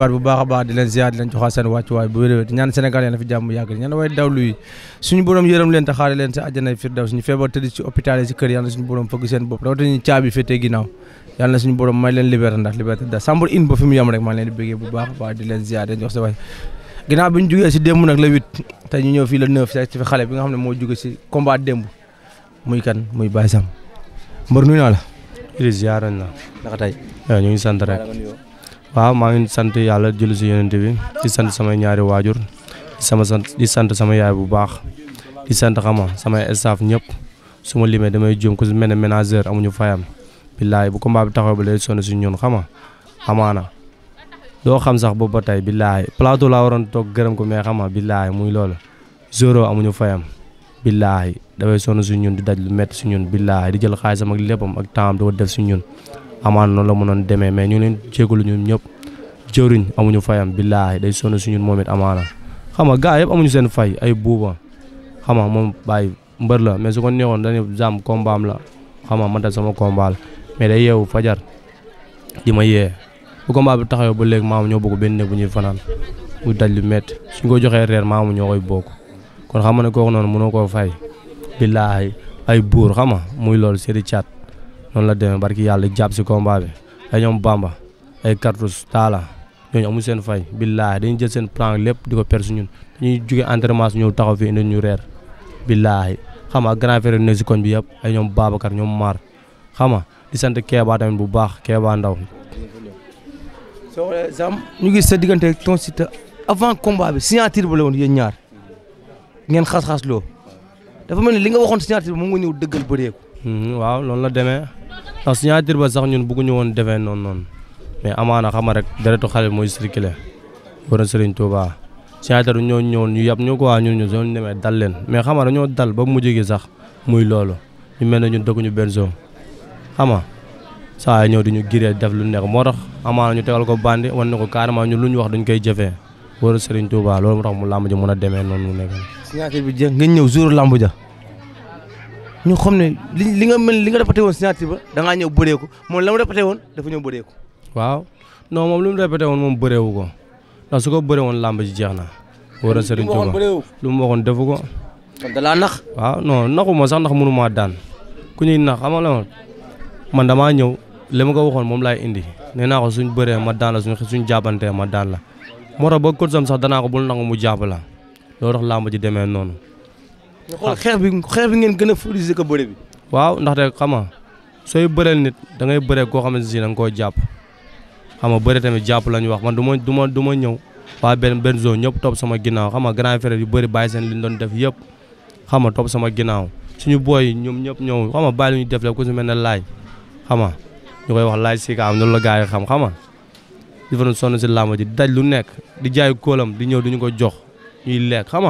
baat bu baax a baax di leen ziar di leen joxaat seen wàccuwaay bu wér-wér ñaan Sénégal yéen a fi jàmm yàgg ñaan way dawlu yi suñu borom yërëm leen te xaare leen si àjjana firdaws suñu feebar si hôpital si kër yàlla suñu borom fëgg seen bopp rawatina ñu caabi féetee ginnaaw yàlla suñu borom may leen liberté ndax liberté da Sambour in ba fi mu yem rek maa leen di bëggee bu baax a baax di leen ziar di ñu ñu ñëw waaw maa ngi sant yàlla julli si yonent bi di sant samay ñaari waajur di sama sant di sant sama yaay bu baax di sant xama samay staff ñëpp suma limee damay juum ku si mel ne ménageur amuñu fayam billaay bu combat bi taxaw ba lay sonn si ñun xama amaana doo xam sax boobu ba tey billaay plateau laa waroon toog gërëm ko mais xama billaay muy loolu zéro amuñu fayam billaay dafay sonn su ñun di daj lu mett su ñun billaay di jël xaalisam ak léppam ak temps di ko def si ñun amaan noonu la mënoon demee mais ñu leen jégalu ñun ñëpp jëriñ amuñu fayam billaahi day sonn suñu moom it amaana xam nga gars yëpp amuñu seen fay ay buuba xam nga moom bàyyi mbër la mais su ko neexoon dañu jàmm kombaam la xam nga man tam sama kombaal mais day yeewu fajar di ma yee bu komba bi taxawee ba léegi maamu ñoo bokk benn néeg bu ñuy fanaan mu daj lu métti suñ ko joxee reer maamu ñoo koy bokk kon xam nga ne kooku noonu mënoo koo fay billaahi ay buur xam nga muy loolu seeti noonu la demee barki yàlla jàpp si combat bi ay ñoom Bamba ay Cartouche Talla ñooñu amul seen fay billaahi dañuy jël seen plan lépp di ko ñun dañuy jóge entraînement ñëw taxaw fi indi ñu reer billaahi xam nga grand frère nekk si koñ bi yëpp ay ñoom Babacar ñoom Mar xam nga di sant Kéba tamit bu baax Kéba Ndaw. soo ñu gis sa diggante Tonton Siteu avant combat bi signature ba la woon yéen ñaar ngeen xas-xas loo dafa mel li nga waxoon signature bi mu ngi ñëw dëggal bëreeku. Hmm, waaw noonu la demee ndax signature ba sax ñun bëgguñu woon defee noonu noonu mais amaana xama rek deretu xale mooy circulé war a Serigne Touba signature ñoo ñu yab ñu ko waa ñun ñu doon demee dal leen mais xama dañoo dal ba mujj gi sax muy loolu ñu mel ne ñun dëkkuñu benn zone xama saa yi ñëw di ñu giree def lu nekk moo tax amaana ñu tegal ko bandi wan ne ko carrément ñun lu ñu wax duñ koy jefe war a Serigne Touba loolu moo mu làmb ja mën a demee noonu mu nekk signature ñëw jour làmb ja ñu xam ne li li nga mel li nga répété woon signature ba da ñëw bëree ko moom la mu répété woon dafa ñëw bëree ko. waaw non moom lu mu répété woon moom bëree wu ko ndax su ko woon làmb ji jeex na. war a sëriñ Tuuba lu mu waxoon defu ko. kon nax. waaw non naxu ma sax ndax mënu ma daan ku ñuy nax xam la man damaa ñëw li ma ko waxoon moom laay indi nee naa suñ bëree ma daan la suñ suñ jàppantee ma daan la moo tax ba kot sam sax danaa ko bul nangu mu jàpp la loolu tax làmb ji demee noonu ñu xool xeex bi ngeen gën a favoriser ko bëre bi. waaw ndaxte xam nga sooy bëreel nit da ngay bëree koo xamante ne si da nga koo jàpp xam nga bëre tamit jàpp la ñu wax man du ma du ma du ma ñëw waa benn benn zone ñëpp topp sama ginnaaw xam nga grand frère yu bëri bàyyi seen li ñu doon def yëpp xam nga topp sama ginnaaw suñu booy ñoom ñëpp ñëw xam nga bàyyi lu ñu def la ku si mel ne laaj xam nga ñu koy wax laaj si kaam noonu la gars yi xam xam nga di fa doon sonn si làmb ji daj lu nekk di jaay koolam di ñëw duñu ko jox ñuy lekk xam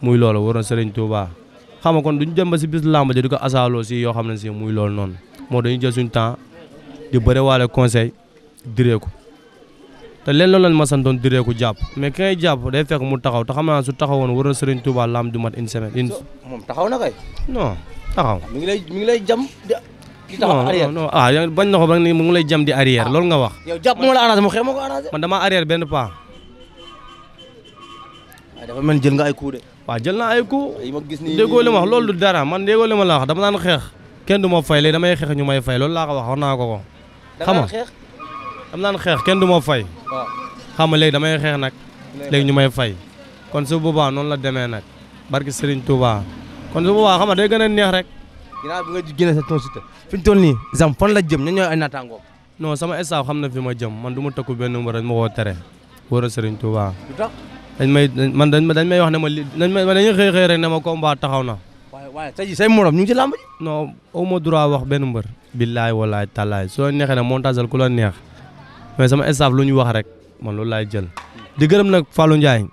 muy loolu waroon Serigne Touba xam nga kon duñ jamba si bis làmb ja di ko asaaloo si yoo xam ne si muy loolu noonu moo dañuy jël suñ temps di bëre waale conseil direeku te leen loolu lañ ma santoon direeku jàpp mais ki ngay jàpp day fekk mu taxaw te xam su taxawoon waroon Serigne Touba làmb du mat une semaine moom taxaw na kay. non taxaw. mi ngi lay mi ngi lay jam di taxaw arrière ah, bañ na ko ba ni mu ngi lay jam di arrière ah. loolu nga wax. yow jàpp moo la arrangé mu xëy ma ko arrangé. man damaa arrière benn pas. waaye dafa mel jël nga ay coup waaw jël naa ay coup déggoo li ma wax loolu du dara man déggoo li ma la wax dama daan xeex kenn du ma fay léegi damay xeex ñu may fay loolu laa ko wax wax naa ko ko xam nga dama daan xeex kenn du ma fay xama nga léegi damay xeex nag léegi ñu may fay kon su boobaa noonu la demee nag barki Serigne tuba kon su boobaa xam nga day gën a neex rek ginnaaw bi nga génne sa ton Siteu fi mu toll nii zam fan la jëm ña ñooy ay naataangoo non sama staff xam na fi ma jëm man du ma takku benn mbër ma woo tere wóor a Serigne Touba dañ may man dañ may wax ne ma li dañ may dañuy xëy xëy rek ne ma combat taxaw na. waaye waaye tey jii say morom ñu ngi ci làmb ji. non aw ma droit wax benn mbër. billaay walaay talaay soo neexe neexee nag montage ku neex mais sama staff lu ñu wax rek ma loolu laay jël. di gërëm nag falu Ndiaye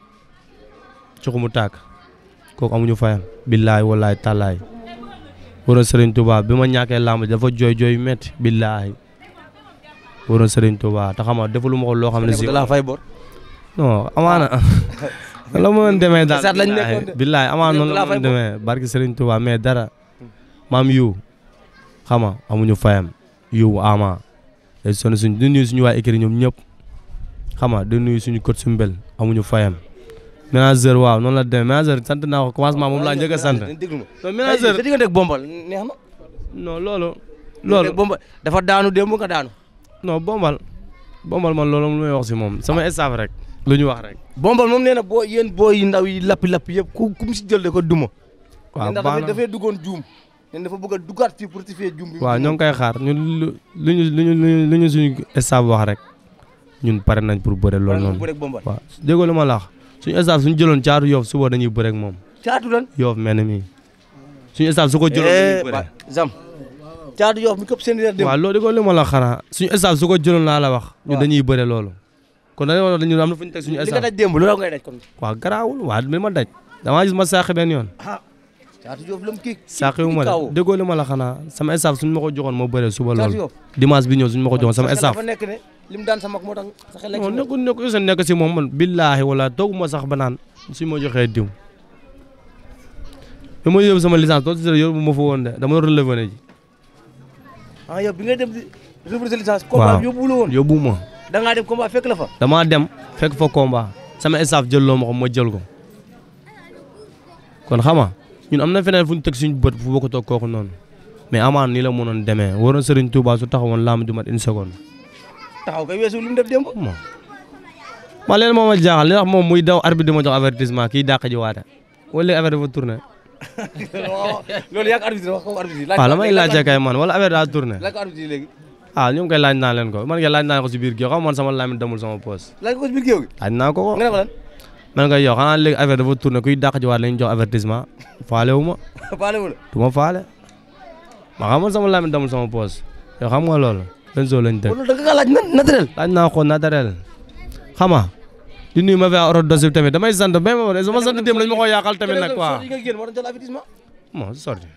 ci xumu tàkk kooku amuñu fayam. billaay walaay talaay. wóor na Serigne bi ma ñàkkee làmb dafa jooy jooy métti. billaay wóor na Serigne Touba te xam nga defaluma ko loo xam ne si. fay non amaana. la ma doon demee daal sax lañ nekkoon de billaay amaana noonu la ma doon demee barki Serigne mais dara maam yu xama amuñu fayam yu ama day sonn suñ di suñu waa écrit ñoom ñëpp xama di nuyu suñu code sumbel amuñu fayam manager waaw noonu la demee manager sant naa ko commencement moom laa njëkk a sant. manager sa diggante ak bombal neex na. non loolu. loolu dafa daanu démb nga daanu. non bombal bombal man loolu lu may wax si moom sama ah. staff rek. lu ñu wax rek. bombal moom nee na boo booy yu ndaw yi lappi lappi yëpp ku ku mu si jël da ko duma. waaw ndax tamit dafay duggoon juum. ne dafa bëgg a duggaat fii pour ci koy xaar ñun lu lu ñu lu ñu suñu staff wax rek ñun pare nañ pour bëre loolu noonu. waaw déggoo lu ma la wax suñu staff suñu jëloon caatu yoof suba dañuy bëre ak moom. caatu lan yoof mel ni suñu staff su ko jëloon eh, dañuy bëre. zam caatu yoof mi képp seen i. waaw loolu déggoo lu la xanaa su ko jëloon laa la wax. ñu dañuy bëre loolu kon da ngay ñu am na fu ñu teg suñu. li nga daj démb loolu ngay daj kon. waaw garaawul waaw ma daj damaa yoon. ah Thiatou Diouf la mu kii. saaxi wu ma la ma la xanaa sama staff suñ ma ko joxoon moo bëree suba lool. dimanche bi ñëw suñu ma ko joxoon sama staff. lim daan sama moo tax sa xel non nekkul nekkul sa nekk si moom man billaahi wala tooguma sax ba naan suñ ma joxee diw. ma yóbbu sama licence doo si sa yor bu ma fa woon de dama relevé ji. ah yow bi nga dem di relevé licence. da ngaa dem combat fekk la fa. damaa dem fekk fa combat sama staff jëlloo ma mo ma jël ko kon xama ñun am na feneen fu ñu teg suñu bët fu bokkutoo kooku noonu mais amaan nii la mënoon demee waroon Serigne Touba su taxawoon laam du mat une seconde. taxaw kay weesu lu mu def démb. ma a jaaxal li wax moom muy daw arbitre di ma jox avertissement kii dàq ji waate wala léegi affaire dafa tourné. loolu yàgg arbitre wax ko arbitre. Ah, laaj ko arbitre waaw la may ah ñoom kay laaj naa leen ko man kay laaj naa ko si biir géew xam man sama laamin damul sama ko naa ko ko nga ne ko lan. man kay yow xanaa léegi affaire dafa tourné kuy dàq ci waat lañu jox avertissement faale wu ma. faale wu la du ma faale. ma xam man sama laamin damul sama poos yow xam nga loolu. benn zoo lañ def wala da naa ko naturel xam nga di nuyu ma fi à orodose bi tamit damay sant ba ma sant dem lañ ma ko yàqal tamit nag quoi. bon sorti.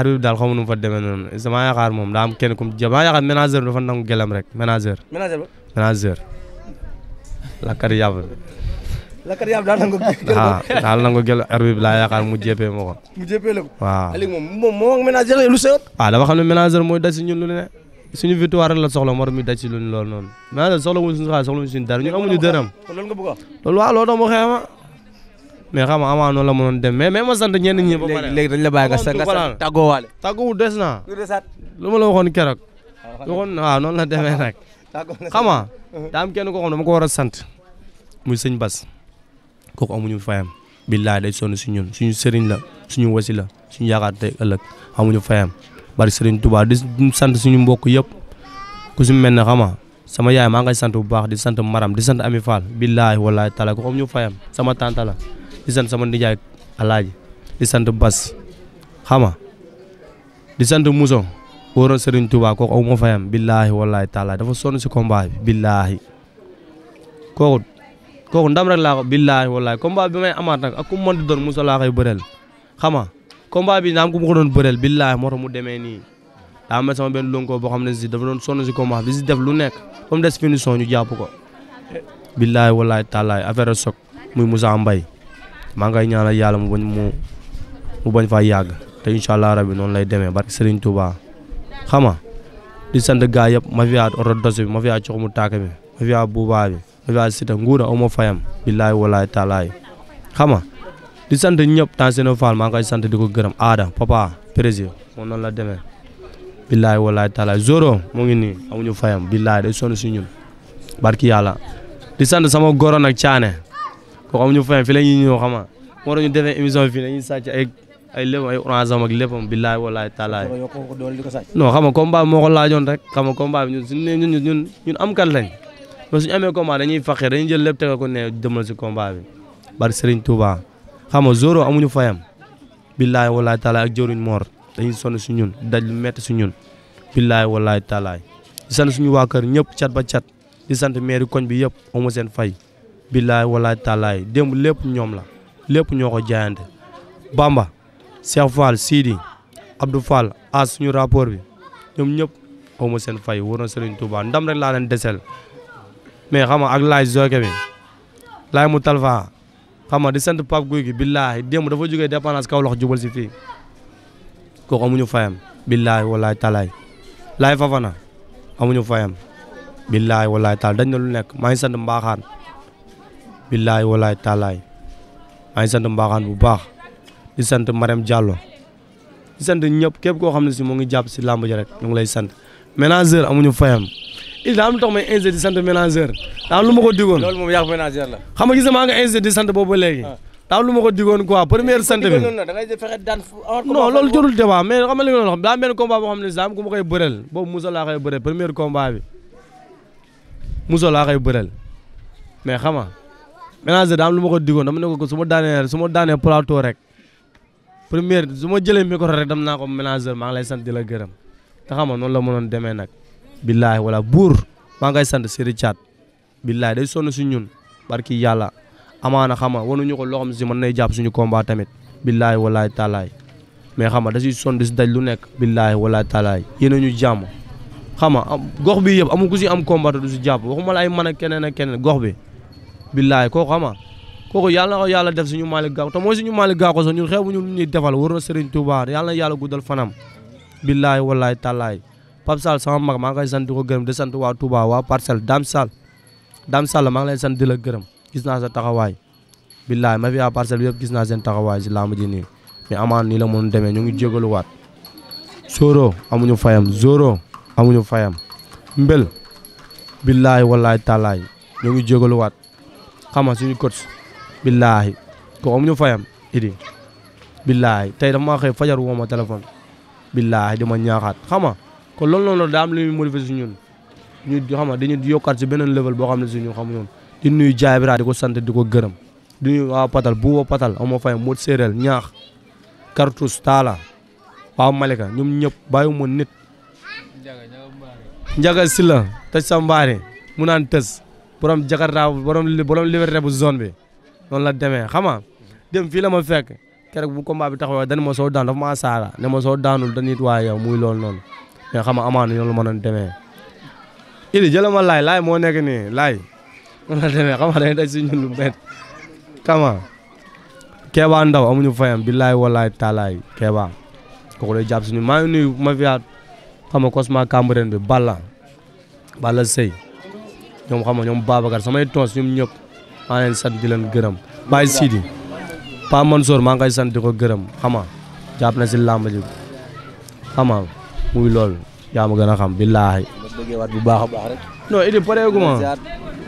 arbitre bi daal xaw ma nu mu fa demee noonu sama yaakaar moom daa am kenn kum damaa yaakaar ménageur dafa nangu gelam rek ménageur. ménageur ba ménageur. lakkar yàbb. nangu. waaw ah, daal yaakaar mu jéppee ma ko. mu jéppee la ko. waaw Aliou moom moom moom ménageur lu sëyoon. waaw ah, dama xam ne ménageur mooy daj si ñun lu ne suñu victoire la soxla morom mi daj si lu loolu noonu ménageur soxla wuñ suñu xaalis soxla a wax. loolu waaw loolu mais xam nga amaa noonu la mënoon dem mais mais ma sant ñenn ñi. ba pare léegi dañ la bàyyi nga sa nga sa des naa. lu desaat ma la waxoon keroog. Ah, waxoon waaw noonu la demee nag. xam nga daa am kenn koo xam ne dama ko war a sant. muy sëñ Bas amuñu fayam. billaay day sonn si ñun suñu sëriñ la suñu wasi la suñu yaakaar tey ëllëg amuñu fayam bari sëriñ Tuubaa di sant suñu mbokk yëpp ku si mel ne xam nga sama yaay maa ngay sant bu baax di sant Maram di sant Ami Fall billaay wallaay tala ko sama tante di sant sama nijaay alaaji di sant Bas xama di sant Muso wóoroon Serigne Touba kooku aw fayam billaahi wallaahi taala dafa sonn si combat bi billaahi kooku kooku ndam rek laa ko billaahi wallaahi combat bi may naam ku ma ko doon bëreel billaahi moo mu demee nii daa mel sama benn lonko boo xam ne si dafa doon sonn si lu nekk comme des finition ñu jàpp ko billaahi wallaahi taala affaire a muy Moussa Mbaye maa ngi koy ñaanal yàlla mu bañ mu mu bañ faa yàgg te incha allah rabi noonu lay demee barke Serigne Touba xam nga di sant gaa yëpp ma fiyaa oto dos bi ma fiyaa cox mu tàkk bi ma fiyaa buubaa bi ma fiyaa sita nguur aw ma fayam billaay walaay taalaay xam nga di sant ñëpp temps seen faal maa ngi koy sant di ko gërëm aada papa président moom noonu la demee billaay walaay taalaay zoro mu ngi nii amuñu fayam billaay day sonn si ñun barki yàlla di sant sama goro nag caane ko xamuñu fay fi la ñuy ñëw xam nga moo ñu defee émission fii dañuy sàcc ay ay lépp ay orange am ak léppam billaay walaay taalaay non xam nga combat moo ko laajoon rek xam nga combat bi ñun suñu nee ñun ñun ñun am kat lañ mais suñu amee combat dañuy faqe dañuy jël lépp tegal ko ne demal si combat bi bari Serigne Touba xam nga zoro amuñu taalaay su ñun daj lu su ñun billaay di sant suñu waa kër ñëpp cat ba cat di sant maire koñ bi yëpp amu seen fay billaay walaay tàllaay démb lépp ñoom la lépp ñoo ko jaayante Bamba Cheikh Fall Sidi Abdou Fall as suñu rapport bi ñoom ñëpp aw ma seen fay war na Serigne Touba ndam rek laa leen desel mais xam nga ak laay zoke bi laay mu talfa xam nga di sant Pape Guy gi billaahi démb dafa jógee dépendance kaw lox jubal si fii kooku amuñu fayam billaahi walaay talaay laay fafana amuñu fayam billaahi walaay talaay dañ lu nekk maa ngi sant mbaaxaan billaay walaay taalaay maa ngi sant mbaaxaan bu baax di sant Marème Diallo di sant ñëpp képp koo xam ne si mu ngi jàpp si làmb ji rek ñu ngi lay sant manager amuñu fayam il daa am lu tax may incité di sant manager daa lu ma ko digoon loolu moom yaa manager la xam nga gis nga maa nga incité di sant boobu ba léegi ah. daa lu ma ko digoon quoi sant bi non loolu jorul débat mais xam nga li nga doon wax daa benn combat boo xam ne si daa am ku ma koy bëreel boobu Moussa laa koy bëreel première combat bi Moussa laa koy bëreel mais xam nga manager daam lu ma ko digoon dama ne ko su ma daanee su ma daanee plateau rek première su ma jëlee micro rek dam naa ko manager maa ngi lay sant di la gërëm te xam nga noonu la mënoon demee nag billaahi wala buur maa ngay sant Sëriñ Thiat billaahi day sonn si ñun barki yàlla amaana xam nga wanuñu ko loo xam si mën nay jàpp suñu combat tamit billaahi walaay taalaay mais xam nga da siy sonn di daj lu nekk billaahi walaay taalaay yéen a ñu jàmm xam nga gox bi yëpp amul ku si am combat du si jàpp waxuma la ay man ak keneen ak keneen gox bi billaay kooku xam nga kooku yàlla na ko yàlla def suñu Malick Gakou te mooy suñu Malick Gakou sax ñun xew bu ñu ñuy defal war na Serigne Touba yàlla na yàlla guddal fanam billaay wallaay tàllaay Pape Sall sama mag maa ngi koy sant di ko gërëm di sant waa Touba waa Parcelles Dame Sall Dame Sall maa ngi lay sant di la gërëm gis naa sa taxawaay billaay ma fi waa Parcelles yëpp gis naa seen taxawaay si làmb ji nii mais amaan nii la mën demee ñu ngi jégaluwaat Soro amuñu fayam Zoro amuñu fayam Mbel billaay wallaay ñu ngi xam suñu coach billaahi ko amuñu fayam idi billaahi tey dafa maa xëy fajar woo ma téléphone billaahi di ma ñaaxaat xam nga kon loolu noonu daa am lu ñuy modifier si ñun ñu xam nga dañu yokkaat si beneen level boo xam ne si ñun xamuñu di nuyu jaay bi di ko sant di ko gërëm di nuyu a Patal bu waa Patal amoo fayam Modou Séeréel ñaax Kartus Talla waa Malika ñoom ñëpp bàyyiwuma nit. Njaga Silla tëj sa mbaare mu naan tës. borom Jakarta borom borom liberté bu zone bi noon la demee xam nga dem fii la ma ker keroog bu combat bi taxawoo dañ ma soo daan dafa maa saara ne ma soo daanul dañuy waaye yow muy loolu noonu mais xam nga amaana ñoom la ma noon demee. Ili jëla ma laay moo nekk nii laay noonu la demee xam nga dañuy daj si ñun lu bett xam nga Kéba Ndaw amuñu fayam billaay walaay taalaay Kéba kooku lay jàpp si ñun maa ngi nuyu ma fi xam nga Cosma Cambérène bi Balla ñoom xam nga ñoom Babacar samay tons ñoom ñëpp maa leen sant di leen gërëm Baye Sidi Pa Mansour maa ngi koy sant di ko gërëm xam nga jàpp na si làmb ji xam nga muy loolu yaa ma gën a xam billaahi bu baax a baax rek non idi pareegu ma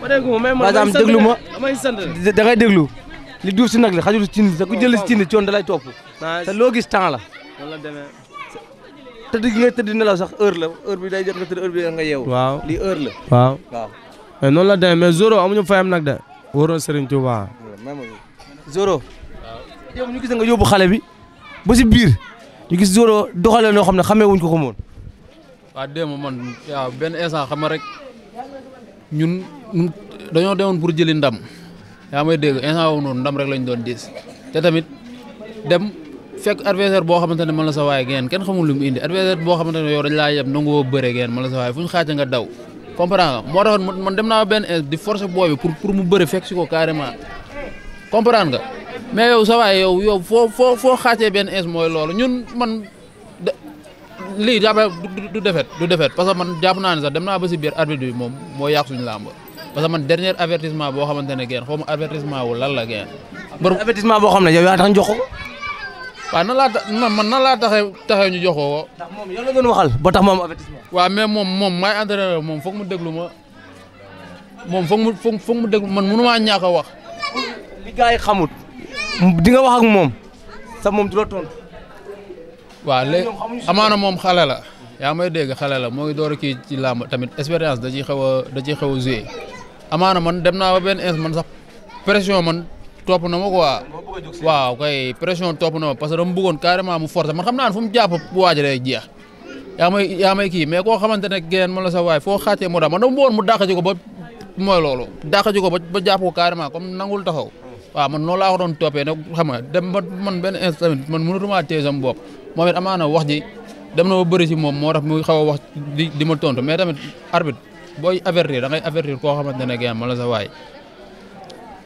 pareegu ma mais man damay sant déglu ma damay sant da ngay déglu li duuf si nag li xajul si cin sa ku jël si cin coon da lay topp te loo gis temps la tëdd gi nga tëdd nelaw sax heure la heure bi day jot nga tëdd heure bi nga yeewu waaw li heure la waaw waaw mais eh, noonu la demee mais Zoro amuñu fayam nag de wóoroon Serigne Touba. Zoro. yow ñu gis nga yóbbu xale bi ba si biir gis Zoro doxalee noo xam ne xamee wuñ ko ko moon waaw démb man waaw benn instant xam rek ñun dañoo demoon pour jëli ndam yaa may dégg instant woowu noonu ndam rek lañ doon diis te tamit dem fekk adversaire boo xamante ne man la geen kenn xamul lu indi adversaire boo xamante ne yow dañ laa yeb nangu woo bëre geen man la fu ñu xaaca nga daw comprendre nga moo taxoon man dem naa benn di forcer boobi pour pour mu bëre fekk si ko carrément comprendre nga mais yow sa waay yow yow foo foo foo xaacee benn ins mooy loolu ñun man lii jàppee du defet du defet parce man jàpp naa ne sax dem naa ba si biir arbitre bi moom moo yàq suñu làmb parce que man dernier avertissement boo xamante ne geen xaw ma avertissement wu lan la geen. boo xam ne yow yaa tax ñu waa nan laa tax man nan laa taxee taxee ñu jox ko. ndax moom yow la tax ma am avertissement. waaw moom moom maay entraîneur moom foog mu déglu ma moom foog mu foog mu déglu man mënu a wax. li gars yi xamut. di nga wax ak moom. sa moom du la tontu. waaw léegi amaana moom xale la. yaa may dégg xale la moo ngi door a kii ci làmb tamit expérience da ciy xaw a da ciy xaw a joué amaana man dem naa ba benn ins man sax pression man. topp na ma quoi waaw kay pression topp na ma parce que dama bëggoon carrément mu forcer man xam naa ne fu mu jàpp bu waaj lay jeex yaa may kii mais koo xamante ne geneen man la sa waay foo xaatee moo daal man dama bëggoon mu dàq ko ba ba jàpp ko carrément comme nangul taxaw waaw man noonu laa ko doon toppee nag xam nga dem ba man benn instant man mënatuma téye sama bopp moom it amaana wax dem na ba bëri si moom moo tax muy xaw a wax di di ma tontu mais tamit arbitre booy avertir da ngay avertir koo xamante ne ma man la sa waay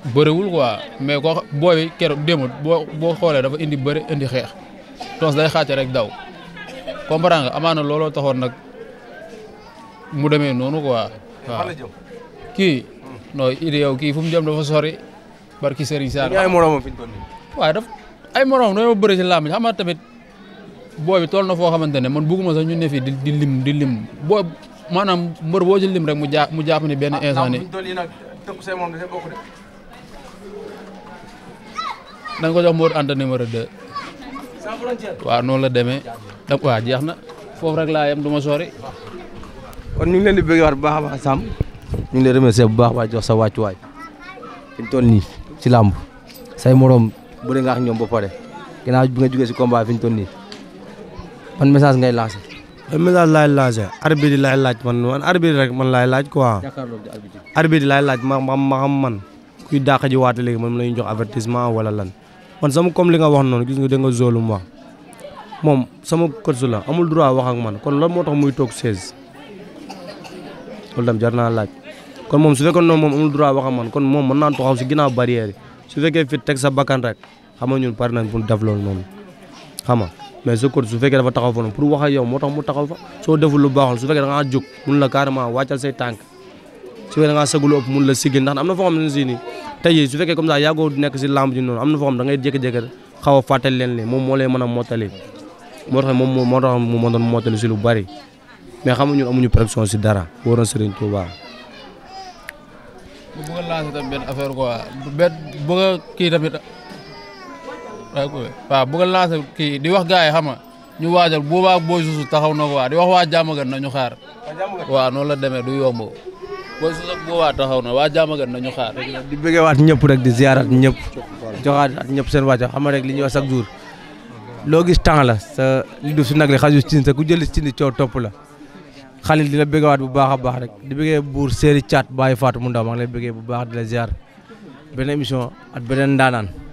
bëriwul quoi mais ko booy bi keroog boo boo xoolee dafa indi bëri indi xeex toos day xàcce rek daw comprendre nga amaana looloo taxoon nag mu demee noonu quoi. waaw kii. noo Idy yow kii fu mu jëm dafa sori barki ki Sarr. ay moromam fi ñu toll nii. waaw daf ay moromam dañoo bëri ci làmb xam nga tamit booy bi toll na foo xamante ne man bëgguma sax ñun ne fii di di lim di lim booy maanaam mbër boo ci lim rek mu jaa mu jàpp ne benn ah, instant. ah na nga ko jox Modou Anta numéro 2. waaw noonu la demee da waaw jeex na foofu rek laa yem du ma sori. ñu ngi leen di bëgg waat bu baax a baax Sam ñu ngi lay remercier bu baax a baax jox sa wàccuwaay fi mu nii ci làmb say morom bëri nga ak ñoom ba pare ginnaaw bi nga jógee si combat fi mu toll nii ban message ngay lancé. ban message laay lancé arbitre laay laaj man man arbitre rek man laay laaj quoi. arbitre laay laaj ma ma ma man kuy dàq ji léegi man ma la jox avertissement wala lan. man sama comme li nga wax noonu gis nga da nga zolu ma moom sama coach la amul droit wax ak man kon lan moo tax muy toog 16 loolu tam jar naa laaj kon moom su fekkoon noonu moom amul droit wax ak kon moom mën naa taxaw si ginnaaw barrière yi su fekkee fit teg sa bakkan rek xam nga ñun pare nañ pour def loolu noonu xam nga mais sa coach su fekkee dafa taxaw fa noonu pour wax ak yow moo tax mu taxaw fa soo deful lu baaxul su fekkee da ngaa jóg mun la carrément wàccal say tànk su fekkee da ngaa sëgg lu ëpp mun na foo tey jii su fekkee comme ça yàggoo nekk si lamb ji noonu am na foo xam da ngay jékki-jékki xaw a fàttali leen ne moom moo lay mën a mottali moo tax moom moo tax mu mën doon mottali si lu bari mais xamuñu amuñu pression si dara wóor na Serigne Touba. bu bëgg a lancer tamit benn affaire quoi benn bëgg a kii tamit waaw bëgg a lancer kii di wax gars yi xam nga ñu waajal boobaa booy susu taxaw na ko waa di wax waa jàmm gan na ñu xaar. waaw noonu la demee du yomb. booy Soussox boobaa na waa Diamaguène nañu xaar. di bëggeewaat ñëpp rek di ziaraat ñëpp joxaat ñëpp seen wàcc xam rek li ñuy a chaque jour loo gis temps la sa li du si nag li xaju si sa ku jël si coow topp la xalil di la waat bu baax a baax rek di bëggee buur séeri caat bàyyi Fatou mu ndaw maa ngi lay bëggee bu baax di la ziar beneen mission ak beneen ndaanaan